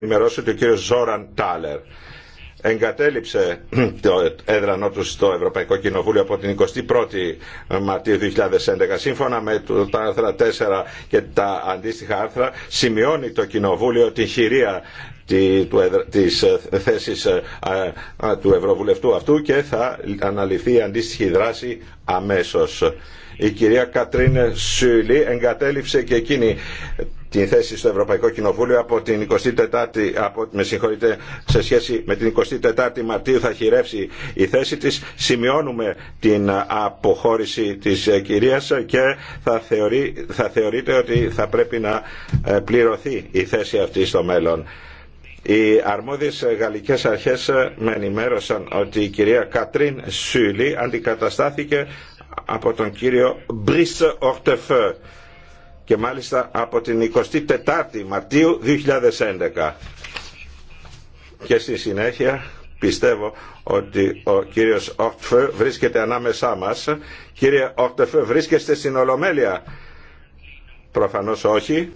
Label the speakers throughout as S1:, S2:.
S1: ενημερώσω ότι ο κύριος Ζόραν Τάλερ εγκατέλειψε το έδρανό του στο Ευρωπαϊκό Κοινοβούλιο από την 21η Μαρτίου 2011. Σύμφωνα με τα άρθρα 4 και τα αντίστοιχα άρθρα, σημειώνει το Κοινοβούλιο τη χειρία της ε, θέσης ε, του Ευρωβουλευτού αυτού και θα αναλυθεί η αντίστοιχη δράση αμέσως. Η κυρία Κατρίν Σουλή εγκατέλειψε και εκείνη την θέση στο Ευρωπαϊκό Κοινοβούλιο από την 24η, από, με σε σχέση με την 24η Μαρτίου θα χειρεύσει η θέση της. Σημειώνουμε την αποχώρηση της ε, κυρίας και θα, θεωρεί, θα θεωρείται ότι θα πρέπει να ε, πληρωθεί η θέση αυτή στο μέλλον. Οι αρμόδιες γαλλικές αρχές ε, με ενημέρωσαν ότι η κυρία Κατρίν Σούλη αντικαταστάθηκε από τον κύριο Μπρίσ Ορτεφέ και μάλιστα από την 24η Μαρτίου 2011. Και στη συνέχεια πιστεύω ότι ο κύριος Όχτεφε βρίσκεται ανάμεσά μας. Κύριε Όχτεφε βρίσκεστε στην Ολομέλεια. Προφανώς όχι.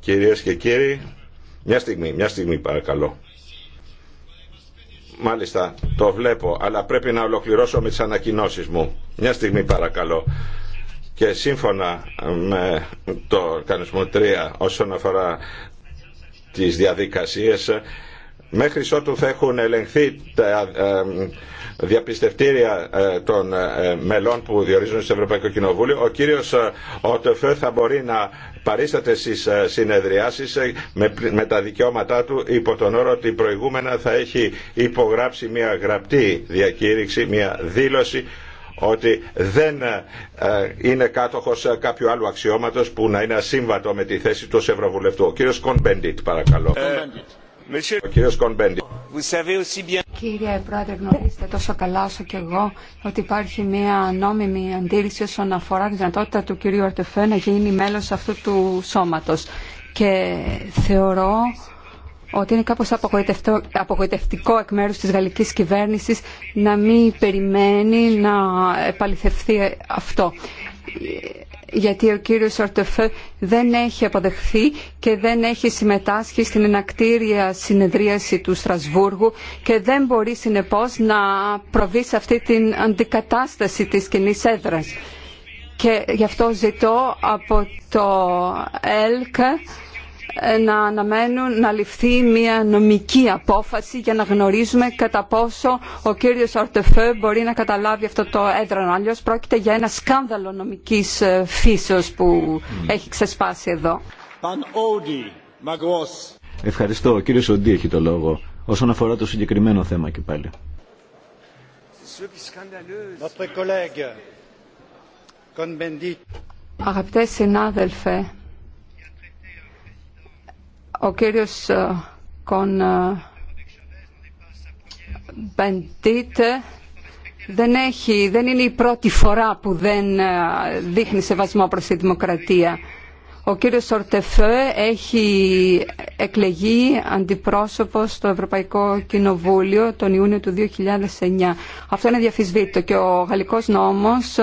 S1: Κυρίες και κύριοι, μια στιγμή, μια στιγμή παρακαλώ. Μάλιστα, το βλέπω, αλλά πρέπει να ολοκληρώσω με τις ανακοινώσεις μου. Μια στιγμή παρακαλώ και σύμφωνα με το κανονισμό 3 όσον αφορά τις διαδικασίες μέχρι ότου θα έχουν ελεγχθεί τα ε, διαπιστευτήρια ε, των ε, μελών που διορίζουν στο Ευρωπαϊκό Κοινοβούλιο, ο κύριος Οτεφέ θα μπορεί να παρίσταται στις συνεδριάσεις με τα δικαιώματά του υπό τον όρο ότι προηγούμενα θα έχει υπογράψει μια γραπτή διακήρυξη, μια δήλωση ότι δεν ε, ε, είναι κάτοχος ε, κάποιου άλλου αξιώματος που να είναι ασύμβατο με τη θέση του ως Ευρωβουλευτού. Ο κύριος Κονμπέντιτ παρακαλώ. Ο κύριος Κονμπέντιτ.
S2: Κύριε Πρόεδρε, γνωρίζετε τόσο καλά όσο και εγώ ότι υπάρχει μια νόμιμη αντίληψη όσον αφορά τη δυνατότητα του κυρίου Αρτεφέ να γίνει μέλος αυτού του σώματος. Και θεωρώ ότι είναι κάπως απογοητευτικό εκ μέρους της γαλλικής κυβέρνησης να μην περιμένει να επαληθευθεί αυτό. Γιατί ο κύριος Ορτεφέ δεν έχει αποδεχθεί και δεν έχει συμμετάσχει στην ενακτήρια συνεδρίαση του Στρασβούργου και δεν μπορεί συνεπώς να προβεί σε αυτή την αντικατάσταση της κοινή έδρας. Και γι' αυτό ζητώ από το ΕΛΚ ε, να αναμένουν να ληφθεί μια νομική απόφαση για να γνωρίζουμε κατά πόσο ο κύριος Ορτεφέ μπορεί να καταλάβει αυτό το έδρανο. Αλλιώς πρόκειται για ένα σκάνδαλο νομικής ε, φύσεως που έχει ξεσπάσει εδώ.
S3: Ευχαριστώ. Ο κύριος Οντί έχει το λόγο όσον αφορά το συγκεκριμένο θέμα και πάλι.
S2: Αγαπητέ συνάδελφε, ο κύριος ε, Κον ε, Μπεντίτ ε, δεν, έχει, δεν είναι η πρώτη φορά που δεν δείχνει σεβασμό προς τη δημοκρατία. Ο κύριος Ορτεφέ έχει εκλεγεί αντιπρόσωπο στο Ευρωπαϊκό Κοινοβούλιο τον Ιούνιο του 2009. Αυτό είναι διαφυσβήτητο και ο γαλλικός νόμος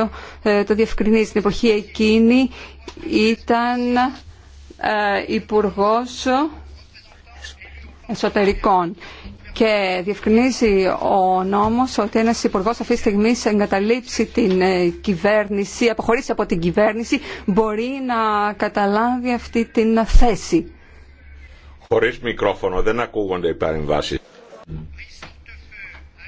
S2: το διευκρινίζει. Στην εποχή εκείνη ήταν ε, υπουργός Εσωτερικών και διευκρινίζει ο νόμος ότι ένας υπουργός αυτή τη στιγμή εγκαταλείψει την ε, κυβέρνηση, αποχωρήσει από την κυβέρνηση, μπορεί να καταλάβει αυτή την θέση.
S1: Χωρίς μικρόφωνο, δεν ακούγονται οι παρεμβάσεις.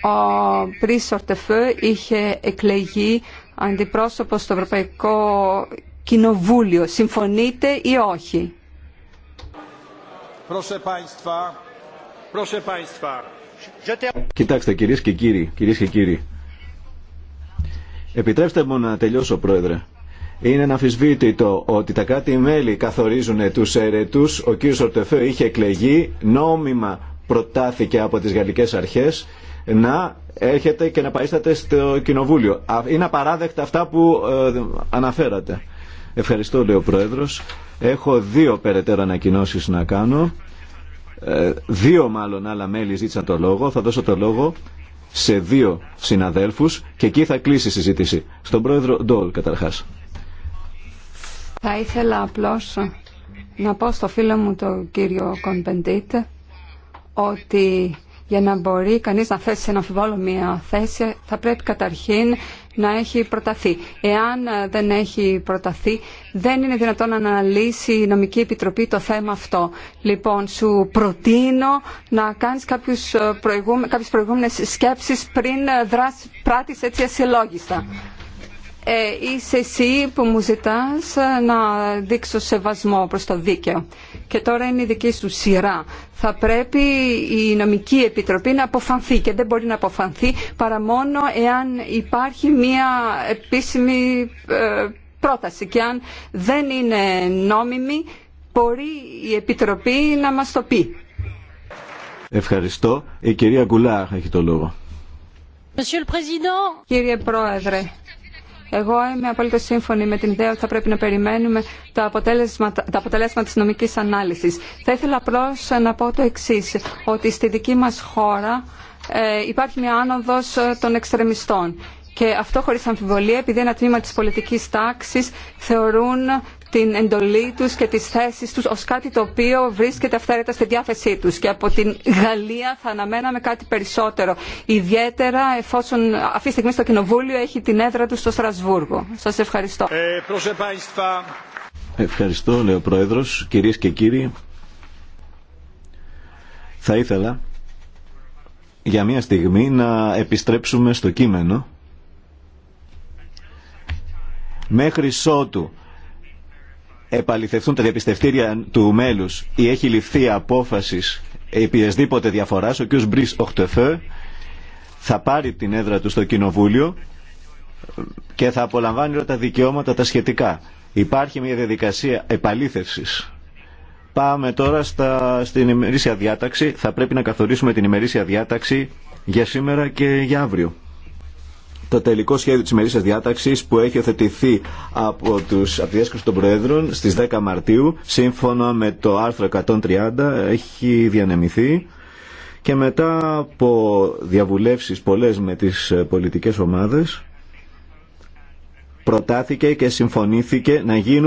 S2: Ο Πρίσορτεφέ είχε εκλεγεί αντιπρόσωπο στο Ευρωπαϊκό Κοινοβούλιο. Συμφωνείτε ή όχι.
S3: Κοιτάξτε κυρίες και κύριοι, κυρίες και κύριοι. Επιτρέψτε μου να τελειώσω πρόεδρε. Είναι αναφυσβήτητο ότι τα κράτη-μέλη καθορίζουν τους αιρετούς. Ο κύριος Ορτεφέ είχε εκλεγεί, νόμιμα προτάθηκε από τις γαλλικές αρχές να έρχεται και να παίσταται στο κοινοβούλιο. Είναι απαράδεκτα αυτά που ε, αναφέρατε. Ευχαριστώ, λέει ο Πρόεδρος. Έχω δύο περαιτέρω ανακοινώσει να κάνω. Ε, δύο μάλλον άλλα μέλη ζήτησαν το λόγο. Θα δώσω το λόγο σε δύο συναδέλφους και εκεί θα κλείσει η συζήτηση. Στον πρόεδρο Ντόλ καταρχάς.
S2: Θα ήθελα απλώς να πω στο φίλο μου τον κύριο Κονπεντήτ ότι για να μπορεί κανείς να θέσει σε ένα αμφιβόλο μια θέση θα πρέπει καταρχήν να έχει προταθεί. Εάν ε, δεν έχει προταθεί, δεν είναι δυνατόν να αναλύσει η νομική επιτροπή το θέμα αυτό. Λοιπόν, σου προτείνω να κάνεις κάποιους ε, κάποιες προηγούμενες σκέψεις πριν ε, δράσεις, πράτης έτσι ασυλλόγιστα. Ε, είσαι εσύ που μου ζητάς ε, να δείξω σεβασμό προς το δίκαιο. Και τώρα είναι η δική σου σειρά. Θα πρέπει η νομική επιτροπή να αποφανθεί και δεν μπορεί να αποφανθεί παρά μόνο εάν υπάρχει μια επίσημη ε, πρόταση και αν δεν είναι νόμιμη μπορεί η επιτροπή να μας το πει.
S3: Ευχαριστώ. Η κυρία Γκουλάχ έχει το λόγο.
S2: Κύριε Πρόεδρε, εγώ είμαι απόλυτα σύμφωνη με την ιδέα ότι θα πρέπει να περιμένουμε τα αποτελέσματα, τα αποτελέσματα της νομικής ανάλυσης. Θα ήθελα απλώς να πω το εξής, ότι στη δική μας χώρα ε, υπάρχει μια άνοδος ε, των εξτρεμιστών. Και αυτό χωρίς αμφιβολία, επειδή ένα τμήμα της πολιτικής τάξης θεωρούν την εντολή του και τις θέσεις τους ως κάτι το οποίο βρίσκεται αυθαίρετα στη διάθεσή τους. Και από την Γαλλία θα αναμέναμε κάτι περισσότερο. Ιδιαίτερα εφόσον αυτή τη στιγμή στο Κοινοβούλιο έχει την έδρα του στο Στρασβούργο. Σας ευχαριστώ. Ε,
S3: ευχαριστώ, λέει ο Πρόεδρος. Κυρίε και κύριοι, θα ήθελα για μια στιγμή να επιστρέψουμε στο κείμενο μέχρι ότου επαληθευτούν τα διαπιστευτήρια του μέλους ή έχει ληφθεί απόφαση επιεσδήποτε διαφορά ο κ. Μπρι Οχτεφέ θα πάρει την έδρα του στο Κοινοβούλιο και θα απολαμβάνει όλα τα δικαιώματα τα σχετικά. Υπάρχει μια διαδικασία επαλήθευσης. Πάμε τώρα στα, στην ημερήσια διάταξη. Θα πρέπει να καθορίσουμε την ημερήσια διάταξη για σήμερα και για αύριο το τελικό σχέδιο τη ημερήσια διάταξη που έχει οθετηθεί από, τους, από τη των Προέδρων στις 10 Μαρτίου σύμφωνα με το άρθρο 130 έχει διανεμηθεί και μετά από διαβουλεύσεις πολλές με τις πολιτικές ομάδες προτάθηκε και συμφωνήθηκε να γίνουν